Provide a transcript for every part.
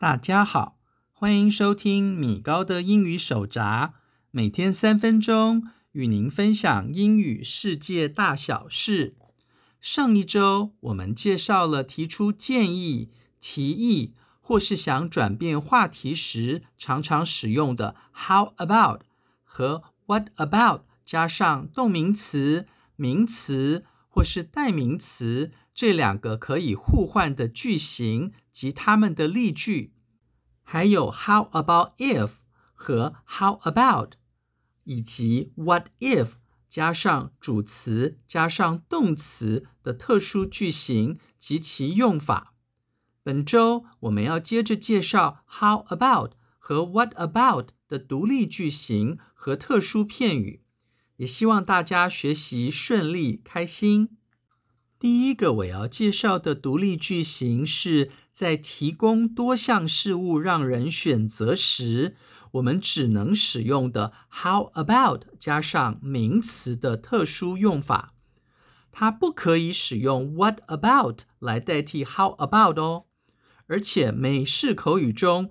大家好，歡迎收聽米高的英語手札，每天三分鐘與您分享英語世界大小事。上一週我們介紹了提出建議、提議，或是想轉變話題時常常使用的 “how about” 和 “what about” 加上動名詞、名詞。或是代名詞這兩個可以互換的句型、及它們的例句，還有 How about if 和 How about 以及 What if 加上主詞加上動詞的特殊句型及其用法。本周我們要接着介紹 How about 和 What about 的獨立句型和特殊片語。也希望大家學習順利、開心。第一個我要介紹的獨立句型是在提供多項事物讓人選擇時，我們只能使用的 “how about” 加上名詞的特殊用法。它不可以使用 “what about” 來代替 “how about” 哦。而且美式口語中，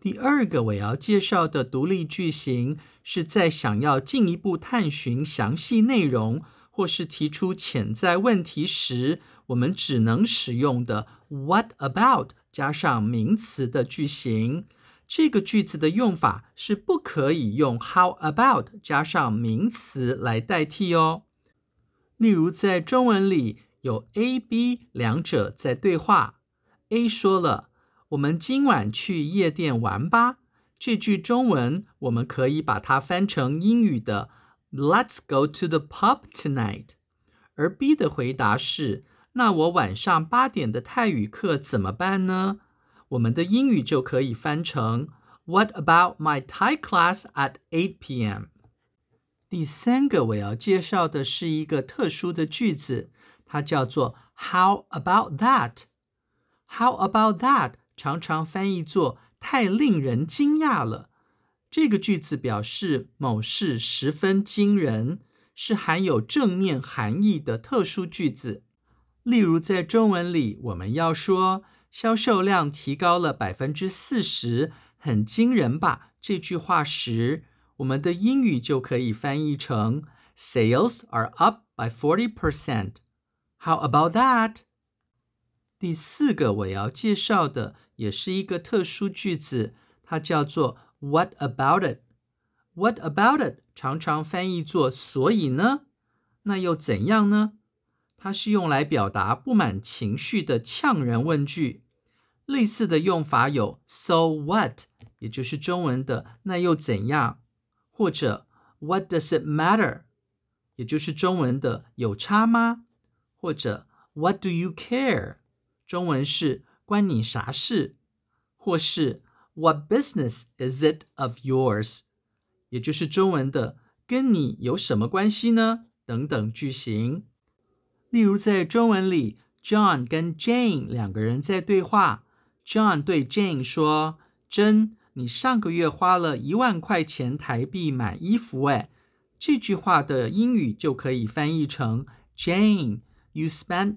第二個我要介紹的獨立句型，是在想要進一步探尋詳細內容，或是提出潛在問題時，我們只能使用的 “what about” 加上名詞的句型。這個句子的用法是不可以用 “how about” 加上名詞來代替哦。例如，在中文裡，有 A、B 兩者在對話，A 說了，我們今晚去夜店玩吧。這句中文我們可以把它翻成英語的 Let's go to the pub tonight。而 B 的回答是：那我晚上八點的泰語課怎麼辦呢？我們的英語就可以翻成 What about my Thai class at 8 p.m.？第三個我要介紹的是一個特殊的句子，它叫做 How about that？How about that？常常翻譯作“太令人驚訝了”。這個句子表示某事十分驚人，是含有正面含義的特殊句子。例如，在中文裡，我們要說“銷售量提高了百分之四十，很驚人吧？”這句話時，我們的英語就可以翻譯成 “Sales are up by forty percent. How about that?” 第四個我要介紹的也是一個特殊句子，它叫做 "What about it?" "What about it?" 常常翻譯作所以呢？那又怎樣呢？它是用來表達不滿情緒的嗆人問句。類似的用法有 "So what？" 也就是中文的那又怎樣？或者 "What does it matter？" 也就是中文的有差嗎？或者 "What do you care？" 中文是關你啥事，或是 What business is it of yours？也就是中文的跟你有什麼關係呢？等等句型。例如在中文裡，John 跟 Jane 兩個人在對話，John 對 Jane 說：“珍，你上個月花了一萬塊錢台幣買衣服哎。”這句話的英語就可以翻譯成：“Jane，you spend。”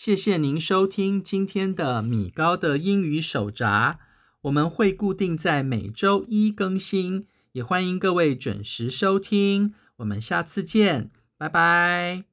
謝謝您收聽今天的米高的英語手札，我們會固定在每周一更新，也歡迎各位準時收聽。我們下次見，拜拜。